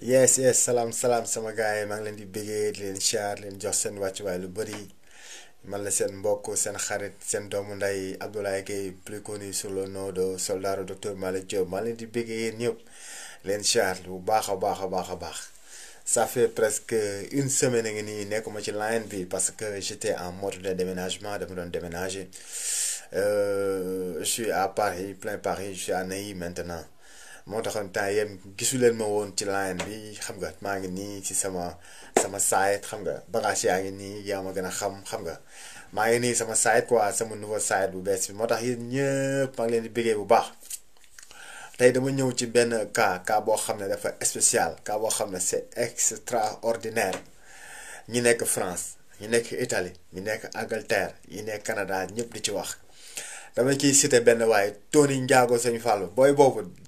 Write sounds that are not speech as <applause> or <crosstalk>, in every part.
yes yes salam salam, sama gars yi maa di bëggee len leen len leen watch seen wàccuwaay lu la seen xarit Abdoulaye plus connu sur le nom de soldat docteur Malick Diop maa di bëggee yéen len leen bu ça fait presque une semaine ngi ne suis ci en ligne parce que j'étais en mode de déménagement de doon déménager euh, je suis à Paris plein Paris je suis à Neuilly maintenant. moo taxoon tayem yem gisu ma ci line bi xam nga ma ngi ni ci sama sama site xam nga bagage ya ngi ni ya ma gëna xam xam nga ma ngi ni sama site quoi sama nouveau site bu bees bi moo yeen ñepp ñëpp ngi leen di bëggé bu baax tay dama ñëw ci ben ka khamne bo xamne dafa spécial ka bo xamne c'est extraordinaire ñi nekk France ñi nekk Italie ñi nekk Angleterre ñi nekk Canada ñepp di ci wax dama ci cité ben way Tony Ndiago seigne Fallou boy bobu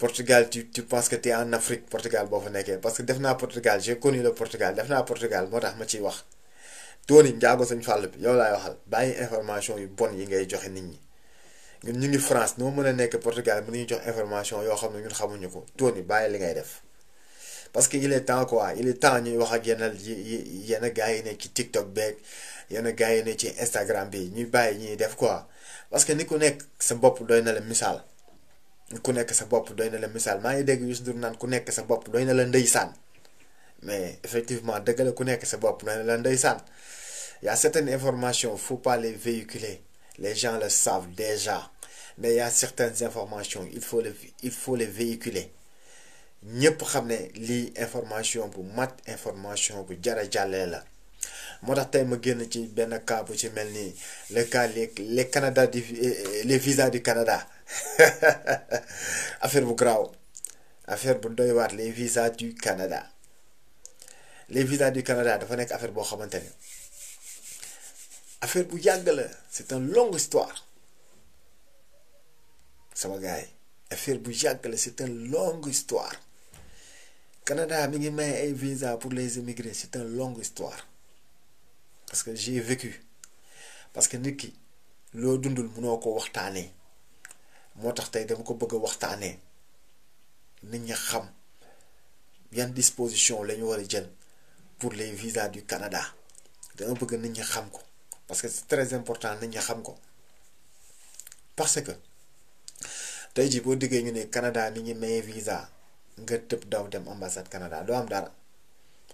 Portugal tu penses que tu es en Afrique Portugal parce que Portugal j'ai connu le Portugal Je Portugal moo Portugal, ma ciy wax. Tony Ndiago Je Fall je waxal je information bonne, bon yi ngay joxe nit ñi France Portugal je information ñun xamuñu ko Tony parce que il est temps quoi il est temps wax ak a gars ne TikTok a gars ne Instagram bi quoi parce que nous, ku sa pour le ku nekk sa bopp doy na la misaal maa ngi dégg Youssou Ndour naan ku nekk sa bopp doy na la ndeysaan mais effectivement dëgg la ku nekk sa bopp doy na la ndeysaan y a certaines informations faut pas les véhiculer les gens le savent déjà mais y a certaines informations il faut les il faut les véhiculer ñëpp xam ne lii information bu mat information bu jara jàllee la moo tax tey ma génn ci benn cas bu ci mel le cas les les Canada les visas du Canada. <laughs> affaire bu Grau affaire bu doy wat les visas du Canada les visas du Canada dafa une affaire bo xamante affaire bu yàgg c'est une longue histoire sama gars affaire bu longue c'est une longue histoire Canada mi ngi may ay visa pour les immigrés c'est une longue histoire parce que j'ai vécu parce que nit ki loo dundul mënoo ko faire motax tay dama ko bëgg a waxtaanee nit ñi xam yan disposition lañu wara war jël pour les visas du Canada dama bëgg nit ñi xam ko parce que c'est très important nit ñi xam ko parce que tey jii boo diggee ñu né Canada ni ñu maye visa nga tepp daw dem ambassade Canada do am dara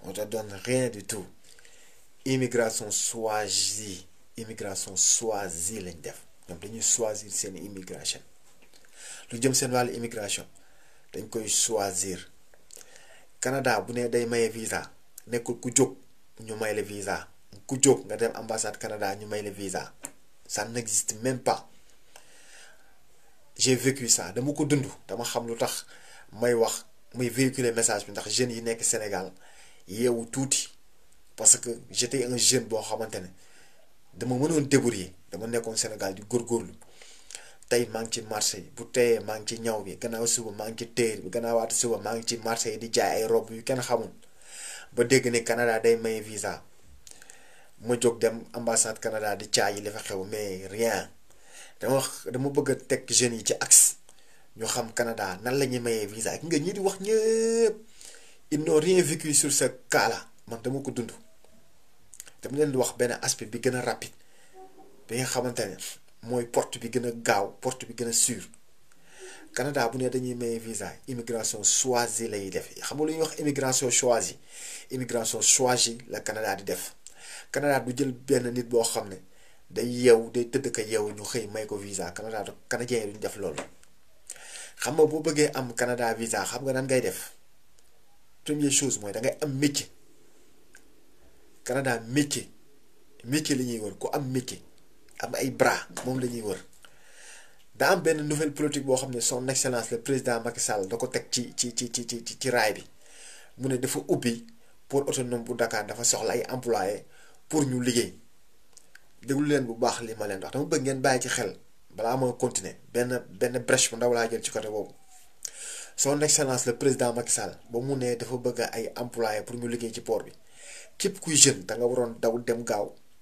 on te donne rien du tout immigration choisie immigration choisie lañ def ñoom dañuy choisir seen immigration lu jëm seen wàllu immigration dañ koy choisir Canada bu ne day maye visa nekkul ku jóg ñu may la visa ku jóg nga dem ambassade Canada ñu may la visa ça n'existe même pas j'ai vécu ça dama ko dund dama xam lu tax may wax may véhiculer message bi ndax jeune yi nekk Sénégal yeewu tuuti parce que j'étais un jeune boo xamante ne dama mënoon débrouiller dama nekkoon Sénégal di góorgóorlu Tay mang ci marché bu teyee mang ci ñaw bi gannaaw suba mang ci téer bi gannaaw waat suba mang ci marché di jaay ay robbu yu kenn xamul ba dégg ne Canada day may visa mu jóg dem ambassade Canada di caayi li fa xew mais rien dama dama bëgg tek jeune yi ci axe ñu xam Canada nan lañuy ñuy visa ki nga ñi di wax ñëpp ils n'ont rien vécu sur ce cas là man dama ko dund dama leen di wax benn aspect bi gën a rapide bi nga xamante moy porte bi gëna gaaw porte bi gëna a sûr Canada bu né dañuy maye visa immigration choisie lay def xam nga lu wax immigration choisie immigration choisie la Canada di def Canada du jël ben nit bo xamné ne day yeew day tëdd ka yew ñu xey may ko visa Canada canadien yi def lool xam nga boo am Canada visa xam nga nan ngay def première chose moy da ngay am métier Canada métier métier li ñuy wër ko am métier am ay bras moom la ñuy wër da am benn nouvelle politique boo xam ne son excellence le président Macky Sall da ko teg ci ci ci ci ci ci raay bi mu ne dafa ubbi pour autonome bu Dakar dafa soxla ay employé pour ñu liggéey déglu leen bu baax li ma leen wax dama bëgg ngeen bàyyi ci xel balaa ma continuer benn benn brèche bu ndaw laa jël ci côté boobu son excellence le président Macky Sall ba mu ne dafa bëgg ay employé pour ñu liggéey ci port bi képp kuy jeune da nga waroon daw dem gaaw.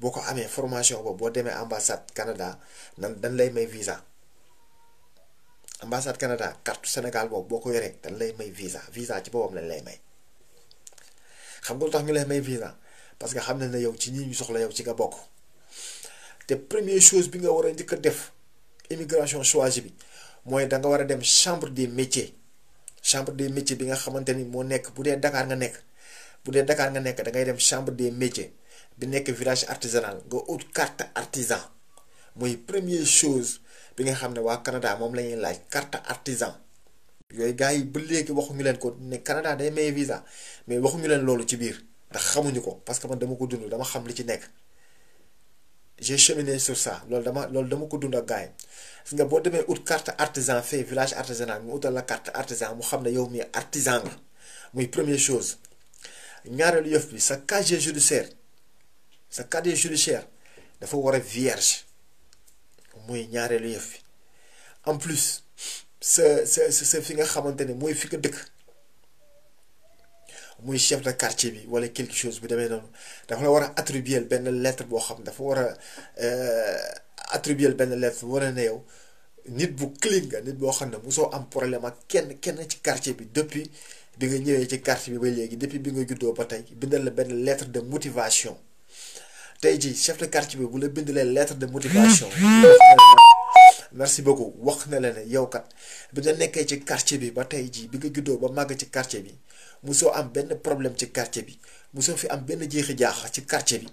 boko ko formation bo bo deme ambassade Canada nan dañ lay may visa ambassade Canada carte Sénégal bo boko ko yoree dañ lay may visa visa ci bobam lañ lay may xam nga tax ñu lay may visa parce que xam na ne yow ci ñi ñu soxla yow ci nga bok te première chose bi nga wara ñëk def immigration choisie bi moy da nga wara dem chambre des métiers chambre des métiers bi nga xamanteni mo nekk bu Dakar nga nekk bu dee Dakar nga nekk da ngay dem chambre des métiers. bi nekk village artisanal go haute carte artisan mooy première chose bi nga xam ne Canada moom la ñuy carte artisan yooyu gars yi ba léegi waxuñu leen ko ne Canada day maye visa mais waxuñu leen loolu ci biir ndax xamuñu parce que man dama ko dund dama xam li ci j'ai cheminé sur ça l'ordre, dama loolu dama ko dund si vous yi parce que carte artisan fait, village artisanal mu la carte artisan mu xam ne yow mii artisan nga premier première chose ñaareelu yëf bi sa casier judiciaire sa cadre judiciaire dafa avoir une vierge faut yef en plus ce ce, est fi nga xamantene moy fi chef de quartier bi wala quelque chose bu faut non. dafa attribuer une lettre Il xam dafa wara euh attribuer faut lettre wara ne nit bu clean nit bo xam ne am problème quartier bi depuis bi nga ci quartier depuis bi nga lettre de motivation. tey jii chef de quartier bi bu la bind leen hmm. lettre de motivation. merci beaucoup wax na la ne yow kat bi nga nekkee ci quartier bi ba tey jii bi nga juddoo ba màgg ci quartier bi musoo am benn problème ci quartier bi musoo fi am benn jeexi jaax ci quartier bi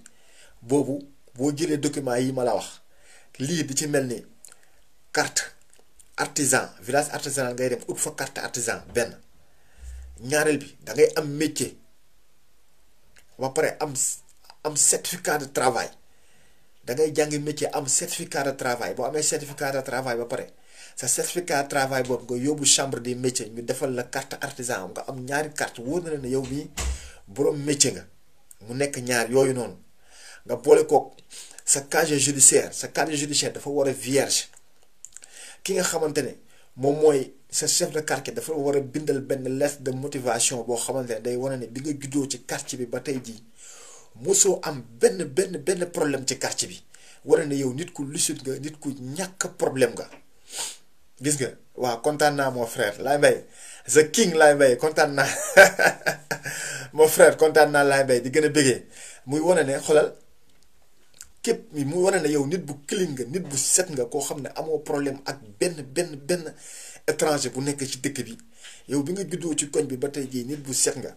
boobu boo jëlee document yi ma la wax lii di ci mel ni carte artisan village artisanal ngay dem ut fa carte artisan benn ñaareel bi da am métier ba pare am. am certificat de travail da ngay jàngi métier am certificat de travail boo amee certificat de travail ba pare sa certificat de travail boobu nga yóbbu chambre des métiers ñu defal la carte artisan am nga am ñaari carte wóor na la ne yow mii borom métier nga mu nekk ñaar yooyu noonu nga boole kook sa casier judiciaire sa casier judiciaire dafa war a vierge ki nga xamante ne moom mooy sa chef de quartier dafa war a bindal benn lettre de motivation boo xamante ne day wane ne bi nga juddoo ci quartier bi ba tey jii. mosoo am benn benn benn problème ci quartier bi wala na yow nit ku lucide nga nit ku ñàkk problème nga gis nga waaw kontaan naa mon frère Laye Mbaye the king Laye Mbaye kontaan naa <laughs> mon frère kontaan naa Laye bay di gën a bëggee muy wane ne xoolal képp mu wane ne yow nit bu clean nga nit bu set nga koo xam ne amoo problème ak benn benn benn étranger bu nekk ci dëkk bi yow bi nga juddoo ci koñ bi ba tey jii nit bu set nga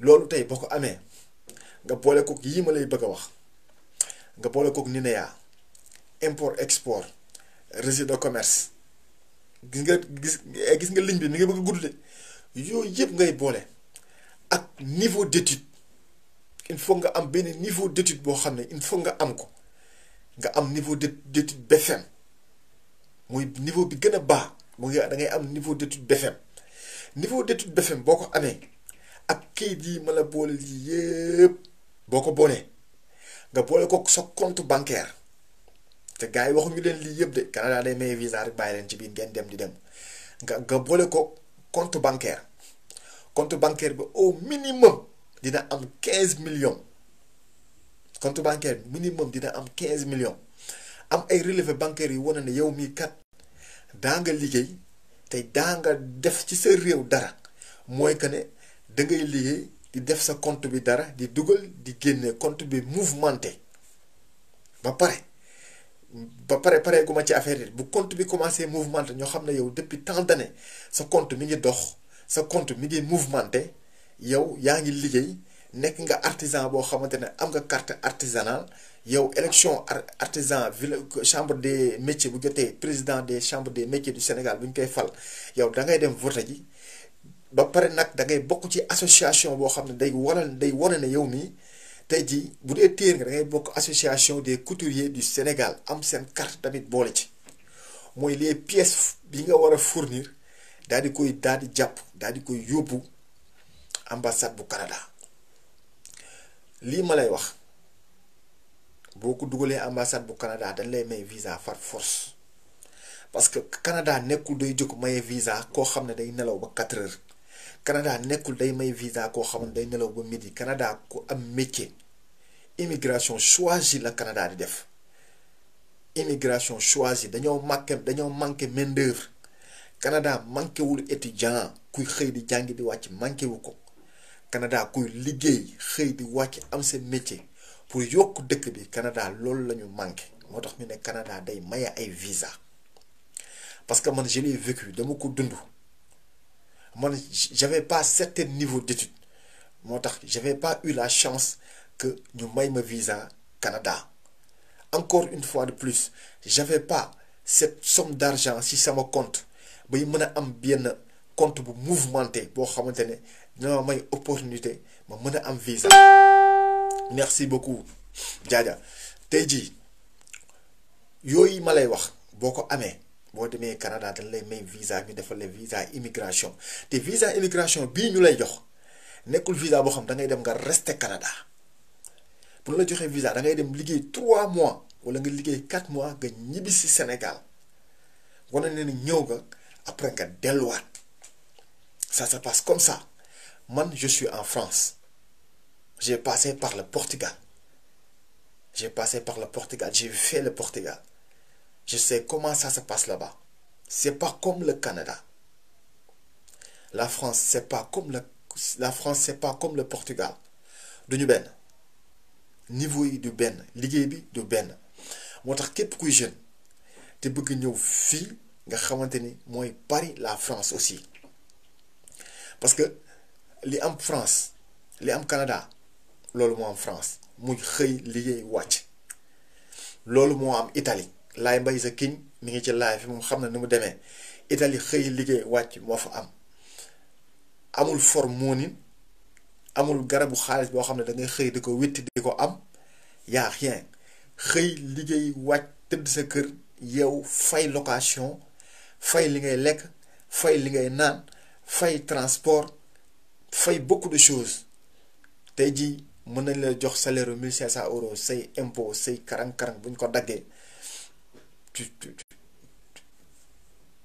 loolu tey boo ko amee. nga boole kook yii ma lay bëgg a wax nga boole kook NINEA import export registre de commerce gis nga gis eh, gis nga ligne bi mi ngi bëgg a gudd de yooyu yëpp ngay boole ak niveau d'étude il faut nga am benn niveau d'étude boo xam ne il faut nga am ko nga am niveau de d'étude BFEM muy niveau bi gën a baax mu ngi da ngay am niveau d'étude BFEM niveau de d'étude BFEM boo ko amee ak kayit yii ma la boole yii yëpp. boo ko bonee nga boole ko sa compte bancaire te gars yi waxuñu leen lii yëpp de Canada day maye visa rek bàyyi leen ci biir ngeen dem di dem nga nga boole ko compte banquer compte bancaire bi au minimum dina am 15 millions compte bancaire minimum dina am 15 millions am ay relevé bancaire yu wane na yow mii kat daa nga liggéey te daa nga def ci sa réew dara mooy que ne da liggéey. di def sa compte bi dara di dugal di génne compte bi mouvementé ba pare ba pare pare gu ma ci affaire yi bu compte bi commencé mouvementé ñoo xam ne yow depuis tant d'années sa compte mi ngi dox sa compte mi ngi mouvementé yow yaa ngi liggéey nekk nga artisan boo xamante ne am nga carte artisanale yow élection artisan ville chambre des métiers bu jotee président des chambres des métiers du Sénégal bu ñu koy fal yow da ngay dem vote ji ba pare nag da ngay bokk ci association boo xam ne day waral day wane ne yow mii tey jii bu dee téer nga da bokk association des couturier du Sénégal am seen carte tamit boole ci mooy les pièces bi nga war a fournir daal di koy daal jàpp daal di koy yóbbu ambassade bu Canada lii ma lay wax boo ko dugalee ambassade bu Canada dañ lay may visa far force parce que Canada nekkul day jóg maye visa koo xam ne day nelaw ba quatre heures. Canada nekul day may visa ko xamne day nelaw ba midi Canada ku am métier immigration choisie la Canada di def immigration choisie dañoo manqué dañoo manke main d'œuvre Canada manqué wul étudiant kuy xëy di jàngi di wacc manke wuko Canada kuy liggéey xëy di wàcc am seen métier pour yok dekk bi Canada lol lañu manke. motax ñu ne Canada day maye ay visa parce que man je l'ai vécu dama ko dundou je j'avais pas certain niveau d'études Je n'avais j'avais pas eu la chance que je me vise visa Canada encore une fois de plus j'avais pas cette somme d'argent si ça me compte Je mën am compte pour mouvementer, pour xamante Je opportunité ma visa merci beaucoup Dja. Teji, jii yooyu boo demee Canada dañ lay may visa ñu defal le visa immigration te visa immigration bi ñu lay jox Nous visa boo xam da ngay rester au rester Canada Pour la joxee visa vous ngay dem 3 trois mois wala nga quatre mois pour venir si Sénégal Vous ne ni ñëw nga après ça se passe comme ça Moi, je suis en France j'ai passé par le Portugal j'ai passé par le Portugal j'ai fait le Portugal. Je sais comment ça se passe là-bas. C'est pas comme le Canada. La France, c'est pas comme le, la France, c'est pas comme le Portugal. De Ben, niveau et du ben de bi du benn pour tax képp kuy jeune te bëgg ñëw nga Paris la France aussi parce que les en France les en Canada loolu en France moi et watch. wàcc loolu Italie laay mbay sa kiñ mi ngi ci laay fi moom xam na ni mu demee Italie xëy liggéey wàcc moo fa am amul form formonin amul garabu xaalis boo xam ne dangay xëy di ko witti di ko am yaa rien xëy liggéey wàcc tëdd sa kër yow fay location fay li ngay lekk fay li ngay naan fay transport fay beaucoup de choses tey jii mën nañ la jox salaire mille cinq cent euros say impôt say karang-karang bu ñu ko daggee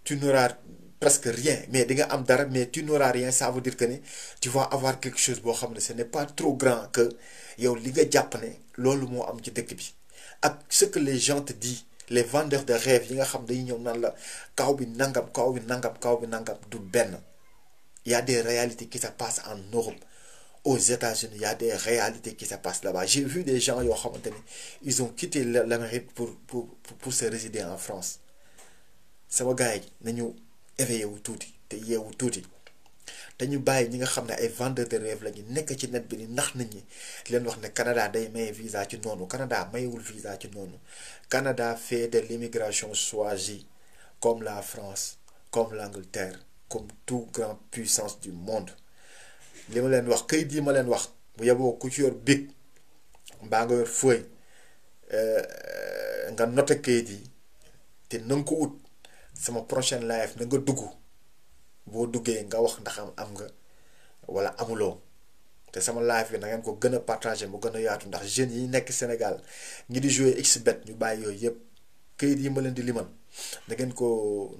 tu, n'auras presque rien. Mais mais tu n'auras rien, ça veut dire que tu vas avoir quelque chose, ce n'est pas trop grand que japonais, ce que les gens te disent, les vendeurs de rêves, il y a des réalités qui se passent en Europe aux États-Unis, il y a des réalités qui se passent là-bas. J'ai vu des gens, ils ont quitté l'Amérique pour, se résider en France. C'est nous tout, tout. Nous de Canada day visa Canada visa Canada fait de l'immigration choisie comme la France comme l'Angleterre comme tout grande puissance du monde li ma leen wax kayit yi ma leen wax bu yeboo ku ci yor bic mbaa nga yor feuille eh, nga noté kayit yi te na ko ut sama prochaine live na nga dugg boo duggee nga wax ndax am am nga wala amuloo te sama live yi na ko gën a partagé mu gën a yaatu ndax jeunes yi nekk Sénégal ngi di jouer xbet ñu bàyyi yooyu yëpp kayit yi ma leen di limal na ngeen ko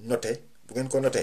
note bu ngeen ko noté.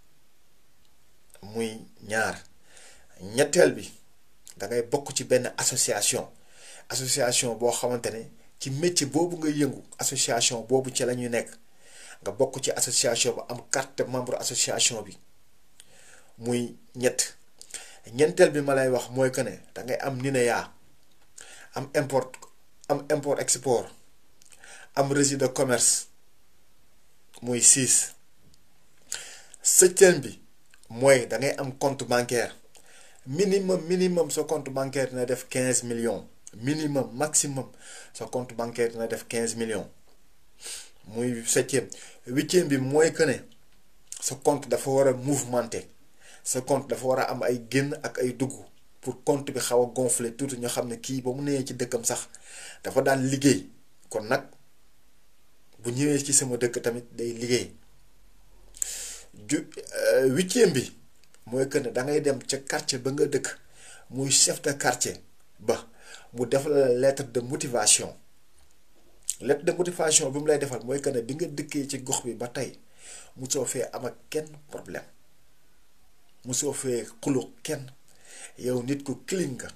muy ñaar ñetteel bi da ngay bokk ci benn association association boo xamante ne ci métier boobu nga yëngu association boobu ci la ñu nekk nga bokk ci association ba am carte membre association bi muy ñett ñeenteel bi ma lay wax mooy que ne dangay am NINEA am import am import export am registre de commerce muy six septième bi. mooy da ngay am compte bancaire minimum minimum ce compte bancaire n'a def 15 millions minimum maximum ce compte bancaire n'a def 15 millions moi septième huitième bi mooy que ne compte dafa mouvementé ce compte dafa war a am ay génn ak ay dugg pour compte bi xawa gonfler tout ñu xam ne ba mu neé ci dëkkam sax dafa daan liggéey kon nak bu ñëwé ci sama dëkk tamit day liggéey. ju euh, huitième bi mooy que ne da ngay dem ca quartier ba nga dëkk muy chef de quartier ba mu def la de motivation lettre de motivation bi mu lay defal mooy que ne bi nga dëkkee ci gox bi ba tey mu soo fee am ak kenn problème mu soo fee xuloo kenn yow nit ku clean nga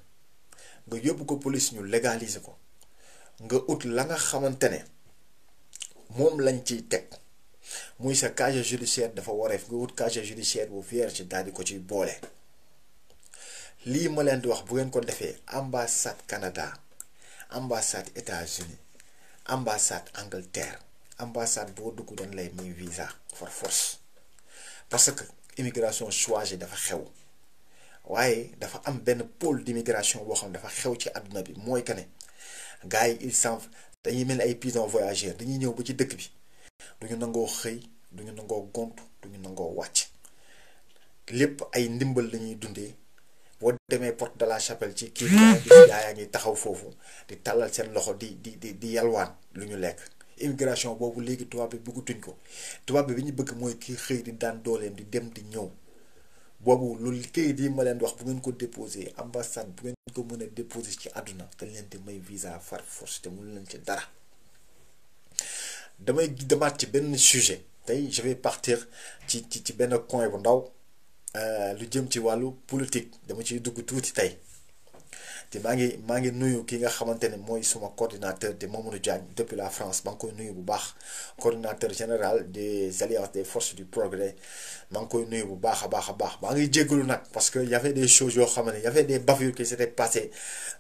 nga yóbbu ko police ñu légaliser ko nga ut la nga xamante ne moom lañ ciy teg. moy sa cage judiciaire dafa wareef nga wut judiciaire bu vierge daal di ko ci bolé. li ma len di wax bu ngeen ko defee ambassade Canada ambassade États-Unis ambassade Angleterre ambassade bo dugg dañ lay muy visa for force parce que immigration choisie dafa xew waaye dafa am ben pôle d'immigration bo xam dafa xew ci aduna bi moy kané gaay gars ils s'en dañuy mel ay pigeons voyageurs dañuy ñëw bu ci dëkk bi. duñu nangoo xëy duñu nangoo gont duñu nangoo wàcc lépp ay ndimbal la ñuy dundee boo demee porte de la chapelle ci kii bi yaa ngi taxaw foofu di tàllal seen loxo di di di di yalwaan lu ñu lekk immigration boobu léegi tubaab bi bëggatuñ ko tubaab bi bi ñu bëgg mooy kii xëy di daan dooleem di dem di ñëw boobu loolu kayit yi ma leen wax bu ngeen ko déposé ambassade bu ngeen ko mën a ci àdduna dañ leen di may visa far force te mu leen ci dara damay ci sujet je vais partir ci ci coin euh, politique je vais dugg coordinateur de depuis la France coordinateur général des alliances des forces du progrès je suis nuyu bu baax mangi parce que y avait des choses y avait des bavures qui s'étaient passées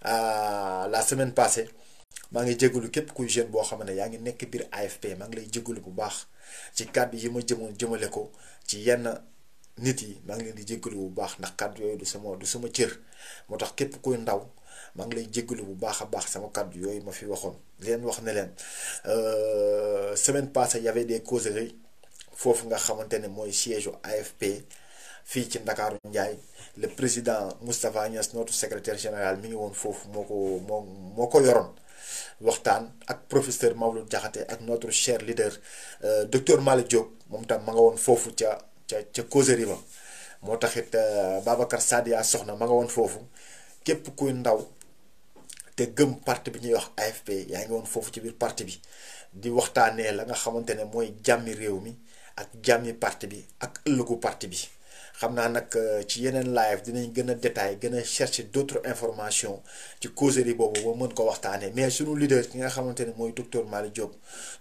euh, la semaine passée maa ngi jégalu képp kuy jeune boo xam ne yaa ngi nekk biir AFP maa ngi lay jégalu bu baax ci kàddu yi ma jëmoon jëmale ko ci yenn nit yi maa ngi leen di jégalu bu baax ndax kàddu yooyu du sama du sama cër moo tax képp kuy ndaw maa ngi lay jégalu bu baax a baax sama kàddu yooyu ma fi waxoon leen wax ne leen euh, semaine passée y avait des causeries foofu nga xamante ne mooy siège AFP fii ci Ndakaaru Njaay le président Moustapha Niass notre secrétaire général mi ngi woon foofu moo ko moo moo ko yoroon waxtaan ak professeur Maodo Diakhaté ak notre cher leader euh, docteur Malick joog moom tam ma nga woon foofu ca ca ca causerie ba moo taxit euh, Babacar Sadia Soxna ma nga woon foofu képp kuy ndaw te gëm parti bi ñuy wax AFP yaa ngi woon foofu ci biir parti bi di waxtaanee la nga xamante ne mooy jàmmi réew mi ak jàmmi parti bi ak ëllëgu parti bi. xam naa nag euh, ci yeneen live dinañ gën a détail gën a chercher d'autres informations ci causerie boobu ba mën ko waxtaanee mais sunu leader ki nga xamante ne mooy docteur Malick Diop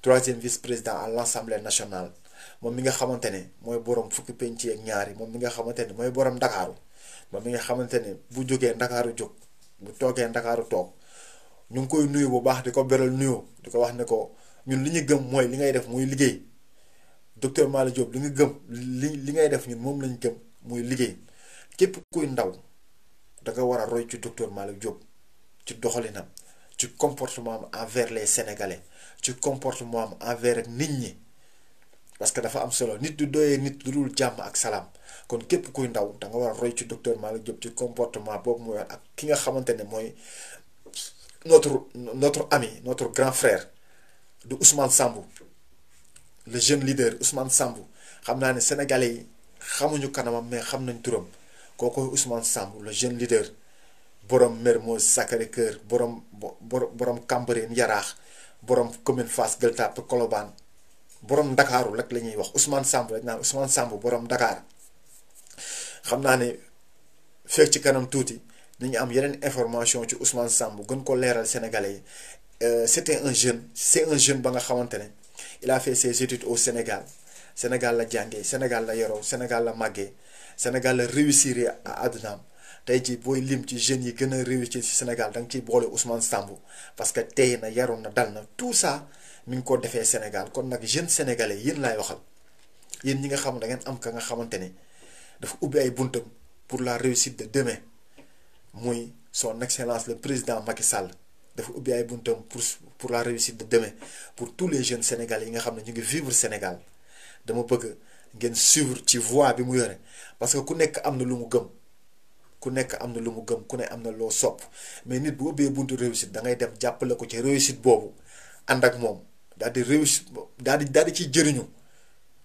troisième vice-président à l'Assemblée nationale moom mi nga xamante ne mooy borom fukki penc ak ñaari moom mi nga xamante ne mooy borom ndakaaru moom mi nga xamante ne bu jógee ndakaaru jóg bu toogee ndakaaru toog ñu ngi koy nuyu bu baax di ko beral nuyu di ko wax ne ko ñun li ñu gëm mooy li ngay def muy liggéey docteur Malick Diop li nga gëm li ngay def ñun mom lañu gëm moy liggéey képp kuy ndaw da nga wara roy ci docteur Malick Diop ci doxalinam ci comportement am envers les sénégalais ci comportement am envers ak nit ñi parce que dafa am solo nit du doyee nit du dul jamm ak salam kon képp kuy ndaw da nga wara roy ci docteur Malick Diop ci comportement boobu moy ak ki nga xamantene moy notre notre ami notre grand frère de Ousmane Sambou le jeune leader Ousmane Sambou xamna leader, le sénégalais leader, xamuñu mais xamnañ turam Ousmane Sambou le jeune leader borom Mermoz Sacré-Cœur borom borom Niarach, jeune borom commune face, leader, pekolo borom Dakar lak wax Ousmane Sambou Ousmane Sambou borom Dakar xamna leader, le ci kanam touti leader, am yeneen information ci Ousmane Sambou gën ko léral sénégalais euh, c'était un jeune c'est un jeune ba nga il a fait ses études au Sénégal Sénégal la jàngee Sénégal la yoroo Sénégal la màggee Sénégal la réussir à Adnam. tey boy lim ci jeune yi gëna a réussir ci Sénégal dang ci bolé Ousmane Sambou parce que tay na yaroon na dal na tout ça mi ngi ko défé Sénégal kon nak jeunes sénégalais yeen lay waxal yeen ñi nga xam da ngeen am ka nga xamante ni dafa ubbi ay buntam pour la réussite de demain moy son excellence le président Macky Sall pour la réussite de demain pour tous les jeunes sénégalais qui nga au vivre Sénégal dama bëgg ngeen voie parce que ku nekk am na mais nit bu ubbee buntu réussite da ngay dem jàppale ko ci réussite boobu ànd vous avez réussite de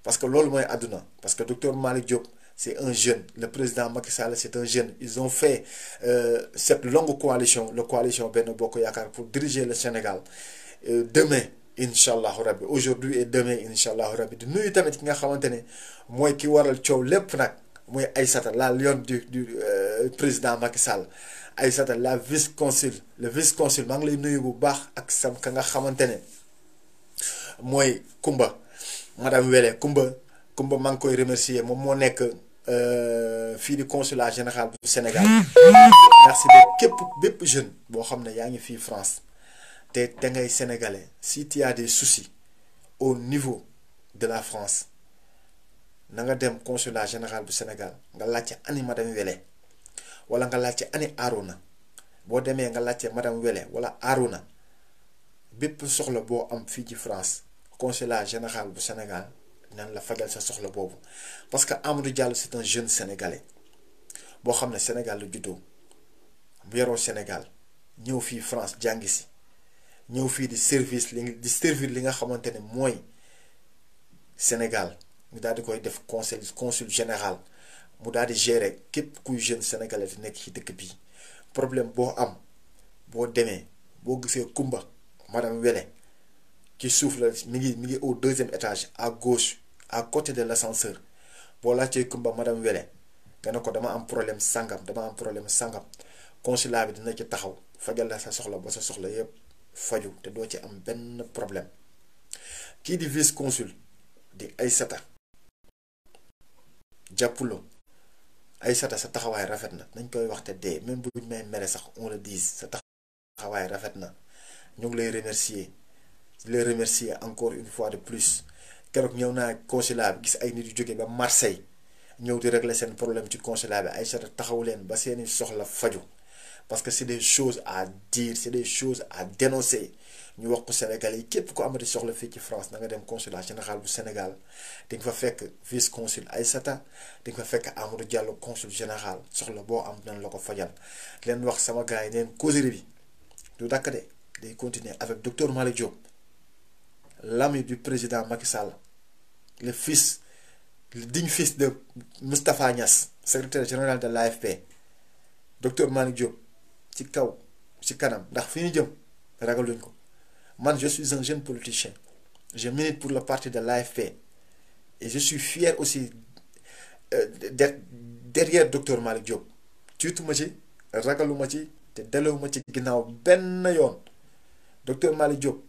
parce que le parce que docteur Malik Diop c'est un jeune. Le président Macky Sall, c'est un jeune. Ils ont fait euh, cette longue coalition, la coalition Beno Boko Yakar, pour diriger le Sénégal. Euh, demain, Inch'Allah Aujourd'hui et demain, Inch'Allah De nous, tamit, qui nga xamantene, moy ki waral ciow lepp nak, moy Aïssata, la lionne du, du euh, président Macky Sall. Aïssata, la vice-consul, le vice-consul, ma ngi lay nuyu bu baax ak sam ka nga xamantene moy Kumba, madame Welé Kumba, Kumba ma ngi koy remercier mom mo euh, Fille du consulat général du Sénégal mmh. merci de képp bépp jeune boo xam ne France te te sénégalais si tu as des soucis au niveau de la France na nga dem consulat général du Sénégal nga laajte ani madame Wele wala nga laajte ani Arona boo demee nga madame Wele wala Arona bépp soxla boo am fii ci France consulat général du Sénégal nan la sa parce que Amadou Diallo c'est un jeune sénégalais bo xamné Sénégal Sénégal France Nous, fi service di li nga Sénégal mu conseil consul général mu gérer jeune sénégalais di ci problème bo am bo Kumba madame qui souffle milieu mi au deuxième étage à gauche à côté de l'ascenseur boo laajtee Kumba madame Wele nga ne ko dama am problème sangam dama am problème sangam consulat bi dina ci taxaw fajal la sa soxla ba sa soxla yëpp faju te doo ci am ben problème qui di vice consul di Aysata jàppulo Aysata sa taxawaay rafet na nañ koy te dé même buñ may mere sax on le dise sa taxawaay rafet na ñu lay remercier je le remercie encore une fois de plus nous avons un consulat qui est ay Marseille nous avons réglé ce problème du consulat parce que c'est des choses à dire c'est des choses à dénoncer Sénégal France na nga consulat général du Sénégal vice consul Aïssata di nga fa que un consul général nous avons am continuer avec docteur l'ami du président Macky Sall, le fils, le digne fils de Mustafa Agnès, secrétaire général de l'AFP, docteur Malick Diop, ci kaw ci kanam ndax fi je suis un jeune politicien je milite pour le parti de l'AFP et je suis fier aussi euh, d'être derrière docteur Malik Diop tiituma ci ragaluma ci te delewuma ci ginnaaw ben yon. docteur Malick Diop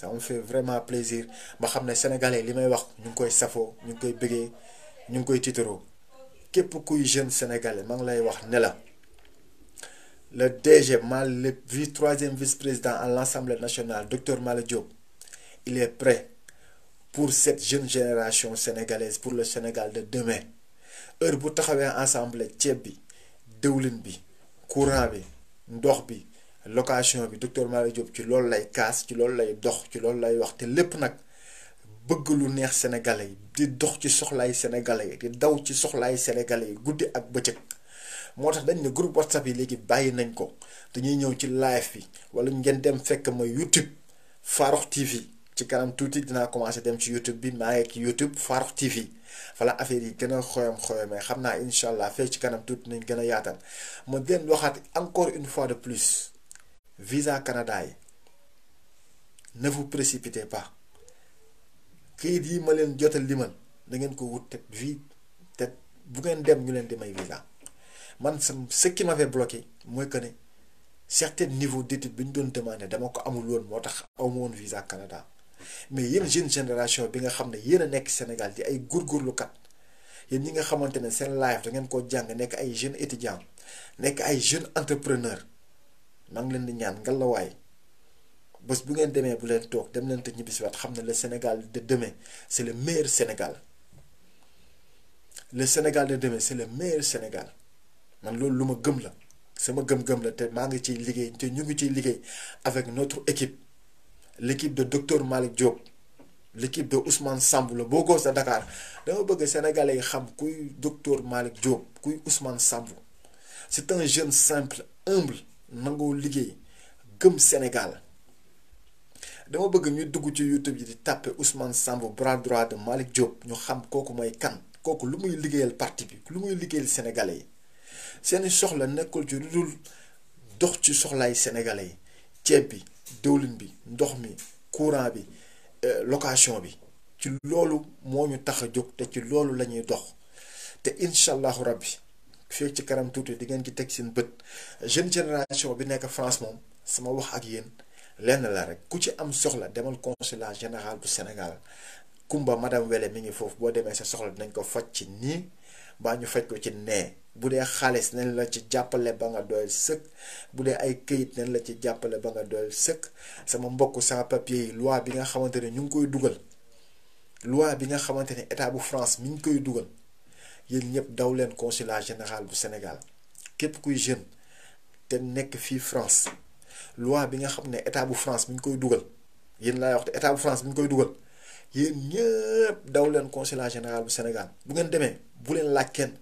ça me fait vraiment plaisir sais que les sénégalais ce que wax dis, nous koy safo, nous sommes koy nous sommes ngi koy tiitaroo jeune sénégalais maa lay wax le DG mal le vice troisième vice président à l'Assemblée nationale docteur Malé Diop il est prêt pour cette jeune génération sénégalaise pour le Sénégal de demain heure bu travailler ensemble, ceeb bi Kourabi, Ndorbi location bi docteur Malick Diop ci loolu lay kaas ci loolu lay dox ci loolu lay wax te lepp nak bëgg lu neex sénégalais di dox ci soxlaay sénégalais di daw ci soxlaay sénégalais yi guddi ak bëccëg motax dañ ne groupe whatsapp yi léegi bàyyi nañ ko dañuy ñëw ci live bi wala ngeen dem fekk ma YouTube Farokh TV ci kanam tuuti dina commencé dem ci YouTube bi maa ak YouTube Farokh TV fala affaire yi gën a xoyam xoyamee xam naa inshallah allah fee ci kanam tuuti nañ gën a yaatal ma leen waxaat encore une fois de plus visa Canada yi ne vous précipitez pas këyit yi ma leen jotal li man da ngeen ko wut te vi te bu ngeen dem ñu di may visa man ce qui m'avait bloqué mooy que ne certain niveau d'étude bi ñu doon demandé dama ko amul woon moo tax aw visa Canada mais yéen jeune génération bi nga xam ne yéen a nekk Sénégal di ay góorgóorlukat yéen ñi nga xamante ne seen life da ngeen koo jàng nekk ay jeunes étudiants nekk ay jeune entrepreneur maa ngi leen di ñaan ngallaawaay bés bu ngeen demee bu leen toog dem leen te ñibbisiwaat xam ne le Sénégal de demain c'est le meilleur Sénégal le Sénégal de demain c'est le meilleur Sénégal man loolu lu ma gëm la sama gëm-gëm la te maa ngi ciy liggéey te ñu ngi ciy liggéey avec notre équipe l'équipe de docteur Malick Diop l'équipe de Ousmane Sambou, la boo goos a Dakar dama bëgg sénégalais yi xam kuy docteur Malick Diop kuy Ousmane Sambou. c'est un jeune simple humble nangoo liggéey gëm Sénégal dama bëgg ñu dugg ci YouTube yi di tàppe Ousmane Samb bras droit de Malick Diop ñu xam kooku mooy kan kooku lu muy liggéeyal parti bi lu muy liggéeyal sénégalais yi seeni soxla nekkul ci lu dul dox ci soxlaay sénégalais yi ceeb bi diwlin bi ndox mi courant bi euh, location bi ci loolu moo ñu tax a jóg te ci loolu la ñuy dox te incha allahu rabbi fii ci kanam tuuti di ngeen ci teg seen bët jeune génération bi nekk France moom sama wax ak yéen lenn la rek ku ci am soxla demal consulat général bu Sénégal Kumba madame Wele mi ngi foofu boo demee sa soxla dinañ ko faj ci nii baa ñu faj ko ci nee bu dee xaalis nañ la ci jàppale ba nga doyal sëkk bu dee ay kayit nañ la ci jàppale ba nga doyal sëkk sama mbokk sans papier yi loi bi nga xamante ne ñu ngi koy dugal loi bi nga xamante ne état bu France mi ngi koy dugal. yéen ñëpp daw leen consulat général bu Sénégal képp kuy jeune te nekk fii France loi bi nga xam ne état bu France mi ngi koy dugal yéen laay wax te état bu France mi ngi koy dugal yéen ñëpp daw leen consulat général bu Sénégal bu ngeen demee bu leen laaj kenn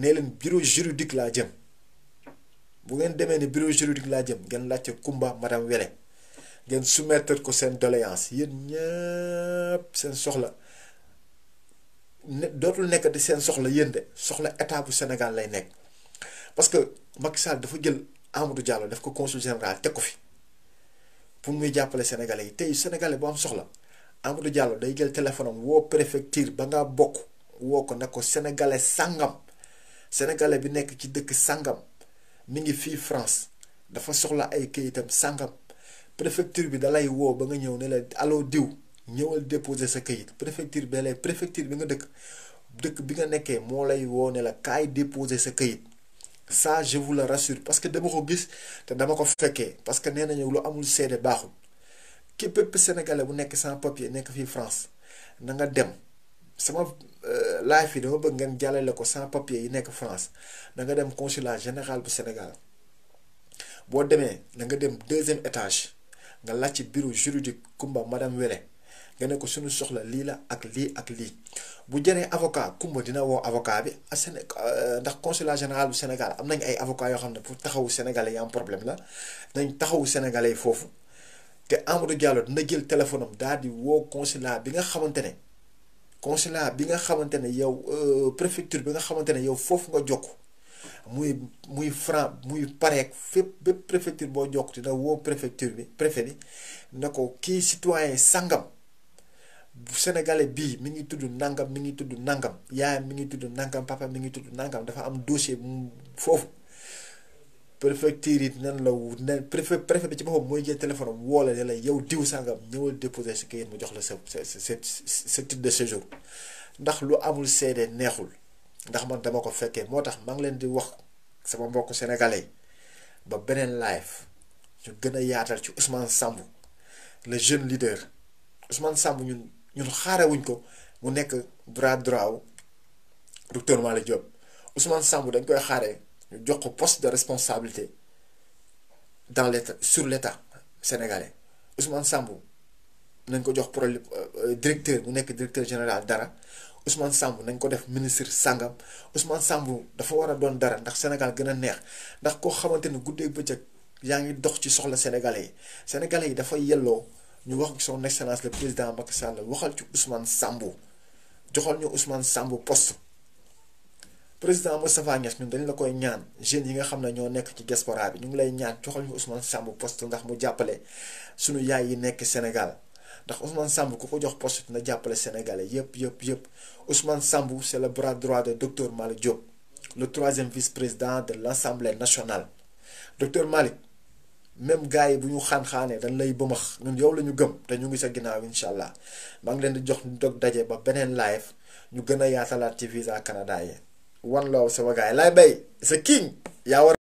nee leen bureau juridique laa jëm bu ngeen demee ne bureau juridique laa jëm ngeen laajte Kumba madame Wele ngeen soumettre ko seen doléance yéen ñëpp seen soxla. dootul nekkati seen soxla yéen de soxla état bu Sénégal lay nekk parce que Macky Sall dafa jël Amadou Diallo def ko consul général teg ko fi pour muy jàppale sénégalais yi tey sénégalais bu am soxla Amadou Diallo day jël téléphone am woo préfecture ba ngaa bokk woo ko ne ko sénégalais sàngam sénégalais bi nekk ci dëkk sàngam mi ngi fii France dafa soxla ay kayitam sàngam préfecture bi dalay woo ba nga ñëw ne la allo diw. ñëwal déposer sa kayit préfecture bee lay préfecture bi nga dëkk dëkk bi nga nekkee moo lay woo la kaay déposer sa kayit ça je vous le rassure parce que dama ko gis te dama ko fekkee parce que nee nañu lu amul seede baaxul képp sénégalais bu nekk sans papier nekk fii France na nga dem sama euh, life yi dama bëgg ngeen jàllale ko sans papier yi nekk France na nga dem consulat général bu Sénégal boo demee na nga dem deuxième étage nga laaj bureau juridique Kumba madame Wele nga ko suñu soxla lii la ak lii ak lii bu avocat kumba dina avocat bi a ah, euh, ndax consulat général du Sénégal am nañ ay avocat yoo xam pour taxawu sénégalais yi un problème la dañ taxawu sénégalais yi foofu Amadou Diallo dina jël téléphone am di woo consulat bi nga xamante consulat bi nga xamante yow euh, préfecture bi nga xamante yow foofu nga jokk muy franc préfecture boo jokk préfecture bi préfet bi na ko citoyen sangam sénégalais bi, mi ngi tudd nangam mi ngi tudd nangam yaayam mi ngi tudd nangam papa mi ngi tudd nangam dafa am dossier foofu préfecture yi nan la ne préfet préfet bi ci boppam mooy jël téléphone am woo ne la yow diw sangam ñëwal déposer si kayit mu jox la sa sa sa sa titre de séjour ndax lu amul seede neexul ndax man dama ko fekkee moo tax maa ngi leen di wax sama mbokk sénégalais ba beneen live ñu gën a yaatal ci Ousmane Sambou le jeune leader Ousmane Sambou ñun. ñun xaaré wuñ ko mu nekk bras droit wu docteur Malick Diop Ousmane Sambou dañ koy xaaré ñu jox ko poste de responsabilité dans l'état sur l'état sénégalais Ousmane Sambou nañ ko jox pro euh, directeur mu nekk directeur général dara Ousmane Sambou nañ ko def ministre sangam Ousmane Sambou dafa wara doon dara ndax Sénégal gëna neex ndax ko xamanteni guddé bëcëk yaangi dox ci soxla sénégalais sénégalais yi dafa yello ñu wax son excellence le président Macky Sall waxal ci Ousmane Sambo joxal ñu Ousmane Sambo poste président Moustapha Niass ñu dañu la koy ñaan jeunes yi nga xam ne ñoo nekk ci diaspora bi ñu ngi lay ñaan joxal ñu Ousmane Sambo poste ndax mu jàppale suñu yaay yi nekk Sénégal ndax Ousmane Sambo ku ko jox poste dina jàppale Sénégalais yëpp yëpp yëpp Ousmane Sambo c'est le bras droit de docteur Malick Diop le troisième vice-président de l'Assemblée nationale docteur Malick même gars yi bu ñu xaan-xaanee dañ lay bëmax ñun yow la ñu gëm te ñu ngi sa ginnaaw incha allah maa ngi leen di jox dog daje ba beneen live ñu gën a yaatalaat ci visa Canada yi one love sama gars yi laay bay sa king yaa war